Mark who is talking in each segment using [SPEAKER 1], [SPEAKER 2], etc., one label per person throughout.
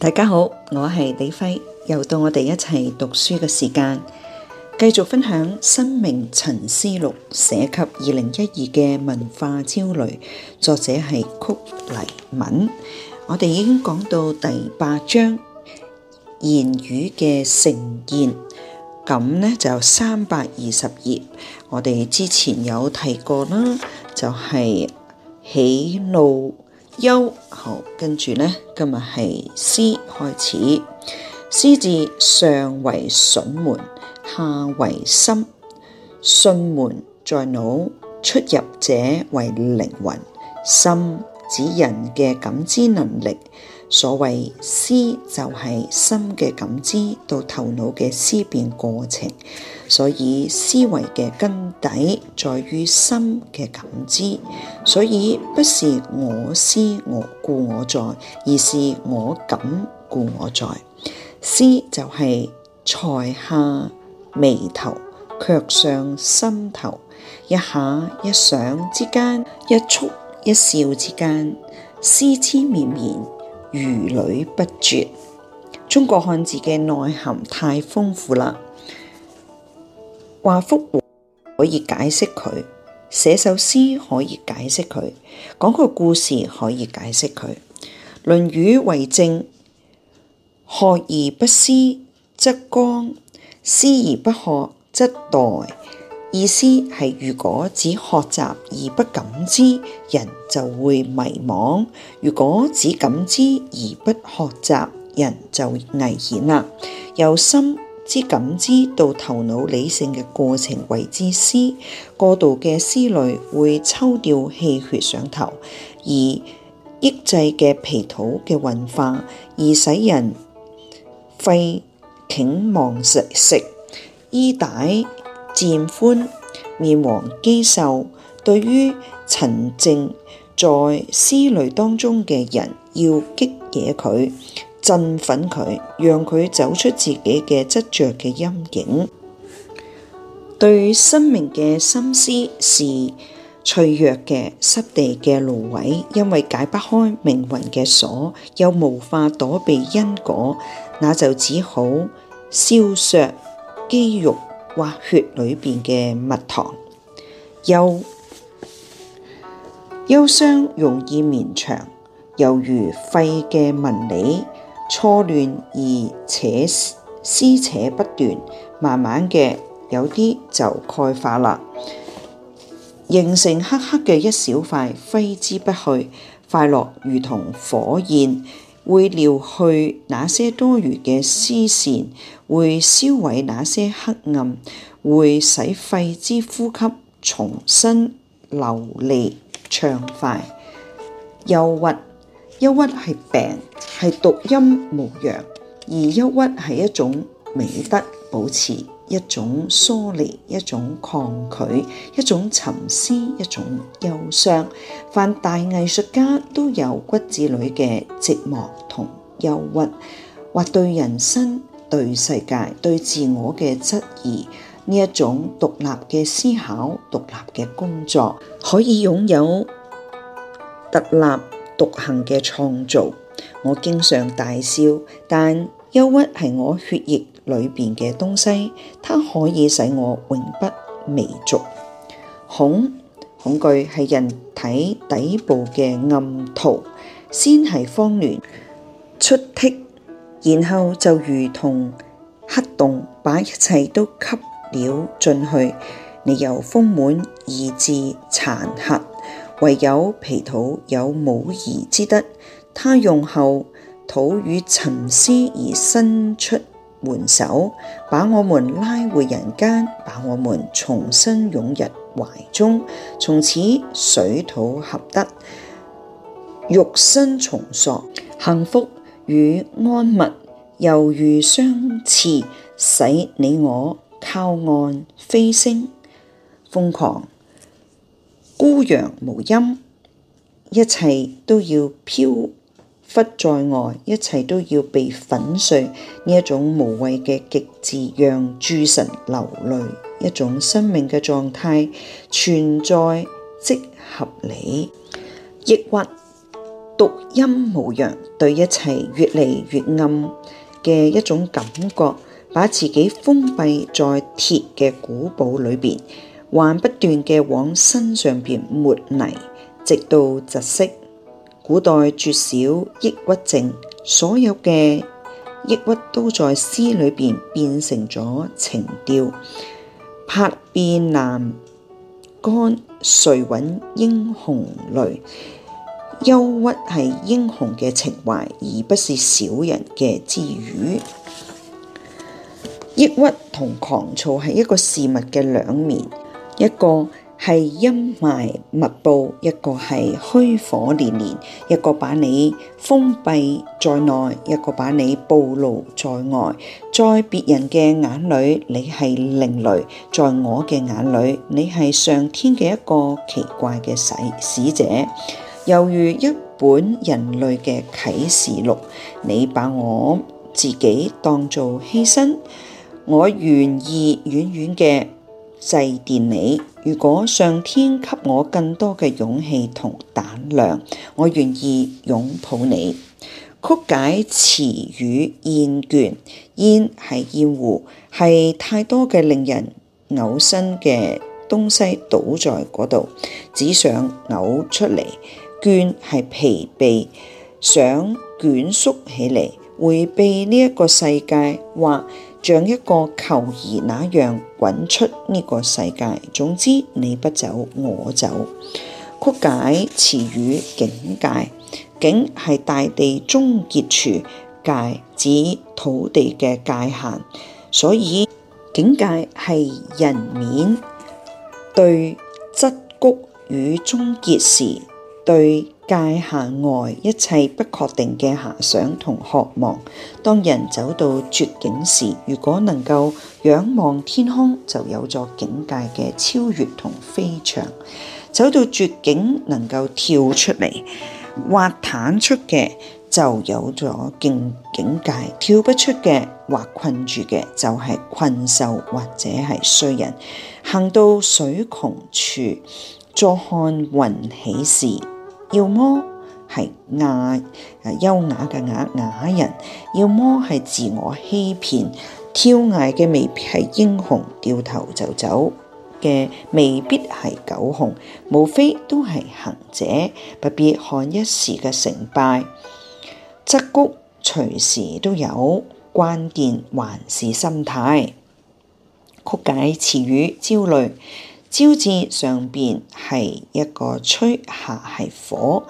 [SPEAKER 1] 大家好，我係李輝，又到我哋一齊讀書嘅時間，繼續分享《生命沉思錄》寫給二零一二嘅文化焦慮，作者係曲黎敏。我哋已經講到第八章言語嘅盛宴，咁咧就有三百二十頁，我哋之前有提過啦，就係喜怒。優好，跟住咧，今日係思開始。思字上為囟門，下為心。囟門在腦，出入者為靈魂。心指人嘅感知能力。所謂思就係心嘅感知到頭腦嘅思辨過程，所以思維嘅根底在於心嘅感知，所以不是我思我故我在，而是我感故我在。思就係才下眉頭卻上心頭，一下一想之間，一觸一笑之間，思之綿綿。如縷不絕，中國漢字嘅內涵太豐富啦。畫幅畫可以解釋佢，寫首詩可以解釋佢，講個故事可以解釋佢，論《論語》為政：學而不思則罔，思而不學則殆。則意思係如果只學習而不感知，人就會迷惘；如果只感知而不學習，人就危險啦。由心之感知到頭腦理性嘅過程為之思，過度嘅思慮會抽掉氣血上頭，而抑制嘅脾土嘅運化，而使人廢寢忘食食衣帶。漸寬面黃肌瘦，對於沉正在思慮當中嘅人，要激惹佢、振奮佢，讓佢走出自己嘅執着嘅陰影。對生命嘅心思是脆弱嘅、濕地嘅蘆葦，因為解不開命運嘅鎖，又無法躲避因果，那就只好燒削肌肉。挖血裏邊嘅蜜糖，憂憂傷容易綿長，猶如肺嘅紋理錯亂，而且撕扯不斷，慢慢嘅有啲就鈣化啦，形成黑黑嘅一小塊，揮之不去。快樂如同火焰。會撩去那些多餘嘅絲線，會消毀那些黑暗，會使肺之呼吸重新流利暢快。憂鬱，憂鬱係病，係獨陰無陽；而憂鬱係一種美德，保持。一種疏離，一種抗拒，一種沉思，一種憂傷。凡大藝術家都有骨子裏嘅寂寞同憂鬱，或對人生、對世界、對自我嘅質疑。呢一種獨立嘅思考、獨立嘅工作，可以擁有特立獨行嘅創造。我經常大笑，但憂鬱係我血液。裏邊嘅東西，它可以使我永不微足。恐恐懼係人體底部嘅暗途，先係荒亂出剔，然後就如同黑洞，把一切都吸了進去。你由豐滿而至殘核，唯有皮土有母儀之德，它用后土與沉思而生出。援手，把我們拉回人間，把我們重新擁入懷中，從此水土合得，肉身重塑，幸福與安逸猶如相似，使你我靠岸飛升，瘋狂孤陽無陰，一切都要飄。忽在外，一切都要被粉碎。呢一種無謂嘅極致，讓諸神流淚。一種生命嘅狀態，存在即合理。抑鬱，獨陰無陽，對一切越嚟越暗嘅一種感覺，把自己封閉在鐵嘅古堡裏邊，還不斷嘅往身上邊抹泥，直到窒息。古代絕少抑鬱症，所有嘅抑鬱都在詩裏面變成咗情調。拍遍欄杆，誰揾英雄淚？憂鬱係英雄嘅情懷，而不是小人嘅之語。抑鬱同狂躁係一個事物嘅兩面，一個，係陰霾密布，一個係虛火連連，一個把你封閉在內，一個把你暴露在外，在別人嘅眼裏你係另類，在我嘅眼裏你係上天嘅一個奇怪嘅使使者，猶如一本人類嘅啟示錄。你把我自己當做犧牲，我願意遠遠嘅祭奠你。如果上天給我更多嘅勇氣同膽量，我願意擁抱你。曲解詞語厭倦，厭係厭惡，係太多嘅令人嘔心嘅東西堵在嗰度，只想嘔出嚟。倦係疲憊，想捲縮起嚟。迴避呢一個世界，或像一個球兒那樣滾出呢個世界。總之，你不走，我走。曲解詞語境界，境係大地終結處，界指土地嘅界限，所以境界係人面對質谷與終結時對。界限外一切不確定嘅遐想同渴望。當人走到絕境時，如果能夠仰望天空，就有咗境界嘅超越同飛翔。走到絕境，能夠跳出嚟或彈出嘅，就有咗境界；跳不出嘅或困住嘅，就係、是、困獸或者係衰人。行到水窮處，坐看雲起時。要麼係雅，誒優雅嘅雅雅人；要麼係自我欺騙，跳崖嘅未必係英雄，掉頭就走嘅未必係狗熊。無非都係行者，不必看一時嘅成敗。則谷隨時都有，關鍵還是心態。曲解詞語，焦慮。朝字上邊係一個吹，下係火，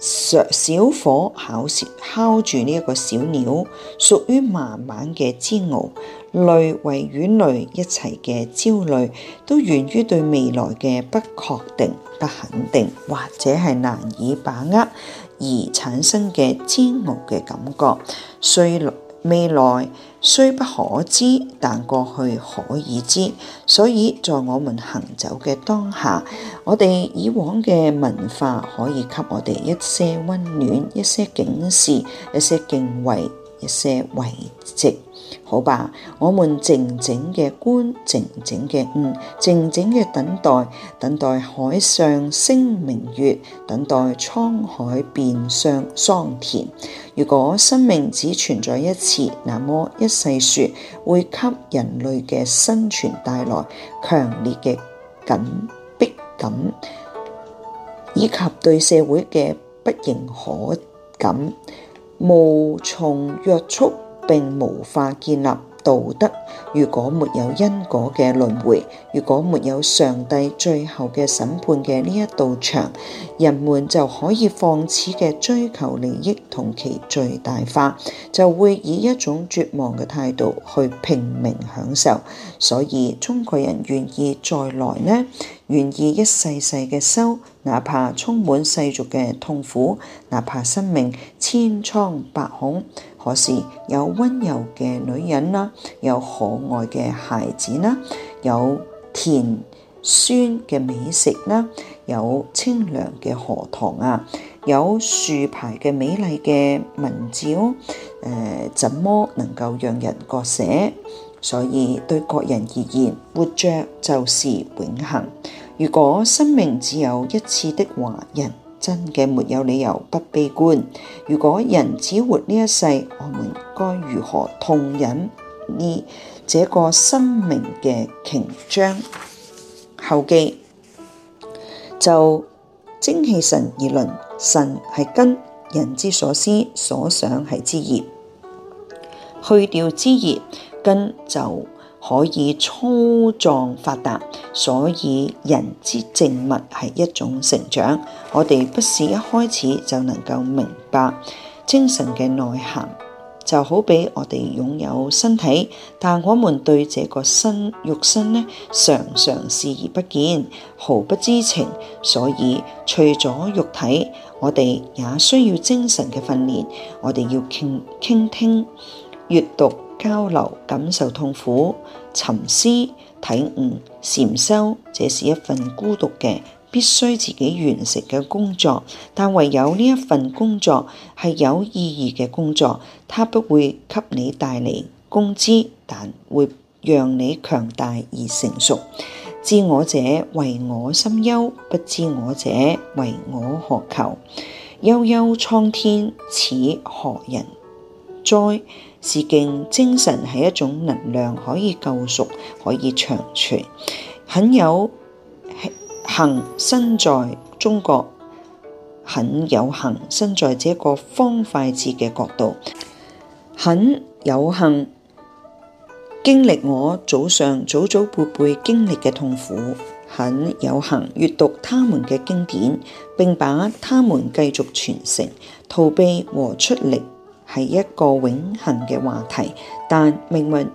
[SPEAKER 1] 誒、呃，小火烤住烤住呢一個小鳥，屬於慢慢嘅煎熬。慮為憂慮，一齊嘅焦慮，都源於對未來嘅不確定、不肯定，或者係難以把握而產生嘅煎熬嘅感覺。衰未來雖不可知，但過去可以知。所以在我們行走嘅當下，我哋以往嘅文化可以給我哋一些溫暖、一些警示、一些敬畏。一些慰藉，好吧，我們靜靜嘅觀，靜靜嘅悟，靜靜嘅等待，等待海上升明月，等待滄海變相桑田。如果生命只存在一次，那麼一世說會給人類嘅生存帶來強烈嘅緊迫感，以及對社會嘅不認可感。無從約束，並無法建立道德。如果沒有因果嘅輪迴，如果沒有上帝最後嘅審判嘅呢一道牆，人們就可以放肆嘅追求利益同其最大化，就會以一種絕望嘅態度去拼命享受。所以，中國人願意再來呢？願意一世世嘅收，哪怕充滿世俗嘅痛苦，哪怕生命千瘡百孔。可是有溫柔嘅女人啦，有可愛嘅孩子啦，有甜酸嘅美食啦，有清涼嘅荷塘啊，有樹牌嘅美麗嘅文字哦、呃。怎麼能夠讓人割捨？所以對個人而言，活着就是永恒。如果生命只有一次的話，人真嘅沒有理由不悲觀。如果人只活呢一世，我們該如何痛飲呢？這個生命嘅瓊漿後記，就精氣神而論，神係根，人之所思所想係枝葉。去掉枝葉根就可以粗壯發達，所以人之靜物係一種成長。我哋不是一開始就能夠明白精神嘅內涵，就好比我哋擁有身體，但我們對這個身肉身呢，常常視而不見，毫不知情。所以除咗肉體，我哋也需要精神嘅訓練。我哋要傾傾聽。閱讀、交流、感受痛苦、沉思、體悟、禪修，這是一份孤獨嘅，必須自己完成嘅工作。但唯有呢一份工作係有意義嘅工作，它不會給你帶嚟工資，但會讓你強大而成熟。知我者為我心憂，不知我者為我何求？悠悠蒼天，此何人哉？致敬，精神係一種能量，可以救贖，可以長存。很有幸身在中國，很有幸身在這個方塊字嘅國度，很有幸經歷我早上祖祖輩輩經歷嘅痛苦，很有幸閱讀他們嘅經典，並把他們繼續傳承，逃避和出力。係一個永恒嘅話題，但命運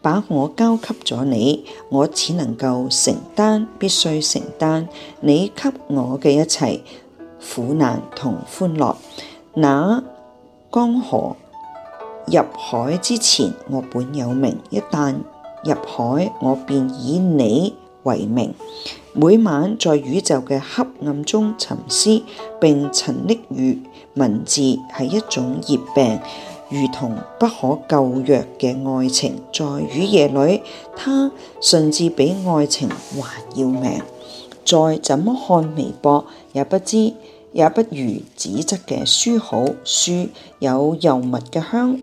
[SPEAKER 1] 把我交給咗你，我只能夠承擔，必須承擔你給我嘅一切苦難同歡樂。那江河入海之前，我本有名；一旦入海，我便以你為名。每晚在宇宙嘅黑暗中沉思，並沉溺於。文字係一種熱病，如同不可救藥嘅愛情，在雨夜裏，他甚至比愛情還要命。再怎麼看微博，也不知也不如紙質嘅書好。書有油墨嘅香，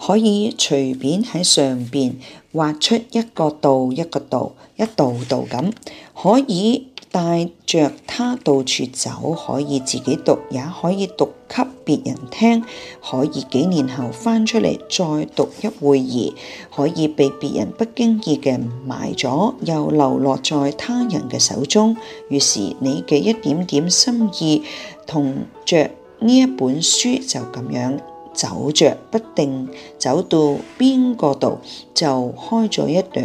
[SPEAKER 1] 可以隨便喺上邊畫出一個道一個道一道道咁，可以，帶着他到處走，可以自己讀，也可以讀給別人聽。可以幾年後翻出嚟再讀一會兒，可以被別人不經意嘅埋咗，又流落在他人嘅手中。於是你嘅一點點心意，同着呢一本書就咁樣走着，不定走到邊個度就開咗一朵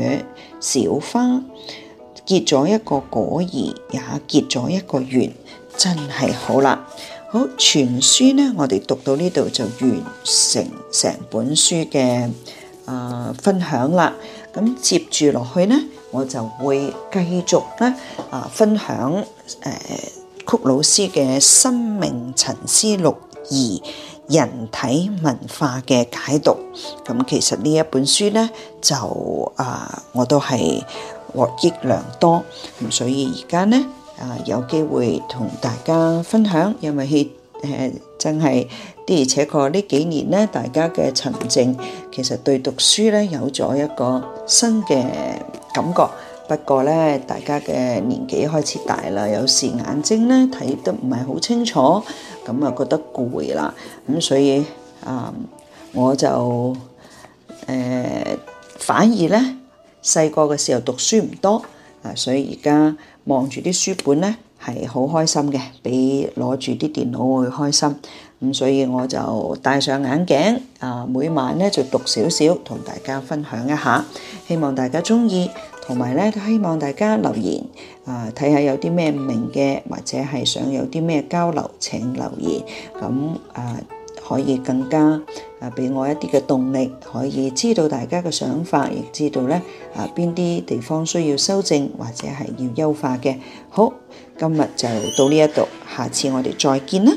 [SPEAKER 1] 小花。結咗一個果兒，也結咗一個緣，真係好啦。好，全書呢，我哋讀到呢度就完成成本書嘅誒、呃、分享啦。咁接住落去呢，我就會繼續咧啊、呃、分享誒、呃、曲老師嘅《生命沉思錄二人體文化》嘅解讀。咁其實呢一本書呢，就啊、呃、我都係。獲益良多，咁所以而家呢，啊有機會同大家分享，因為去誒真係的，而且確呢幾年呢，大家嘅沉靜其實對讀書呢有咗一個新嘅感覺。不過呢，大家嘅年紀開始大啦，有時眼睛呢睇得唔係好清楚，咁啊覺得攰啦，咁所以啊、呃、我就誒、呃、反而呢。細個嘅時候讀書唔多，所以而家望住啲書本呢係好開心嘅，比攞住啲電腦會開心。咁所以我就戴上眼鏡，啊，每晚呢就讀少少，同大家分享一下，希望大家鍾意，同埋呢希望大家留言，啊，睇下有啲咩唔明嘅，或者係想有啲咩交流，請留言。咁啊。可以更加啊，畀我一啲嘅動力，可以知道大家嘅想法，亦知道呢啊邊啲地方需要修正或者係要優化嘅。好，今日就到呢一度，下次我哋再見啦。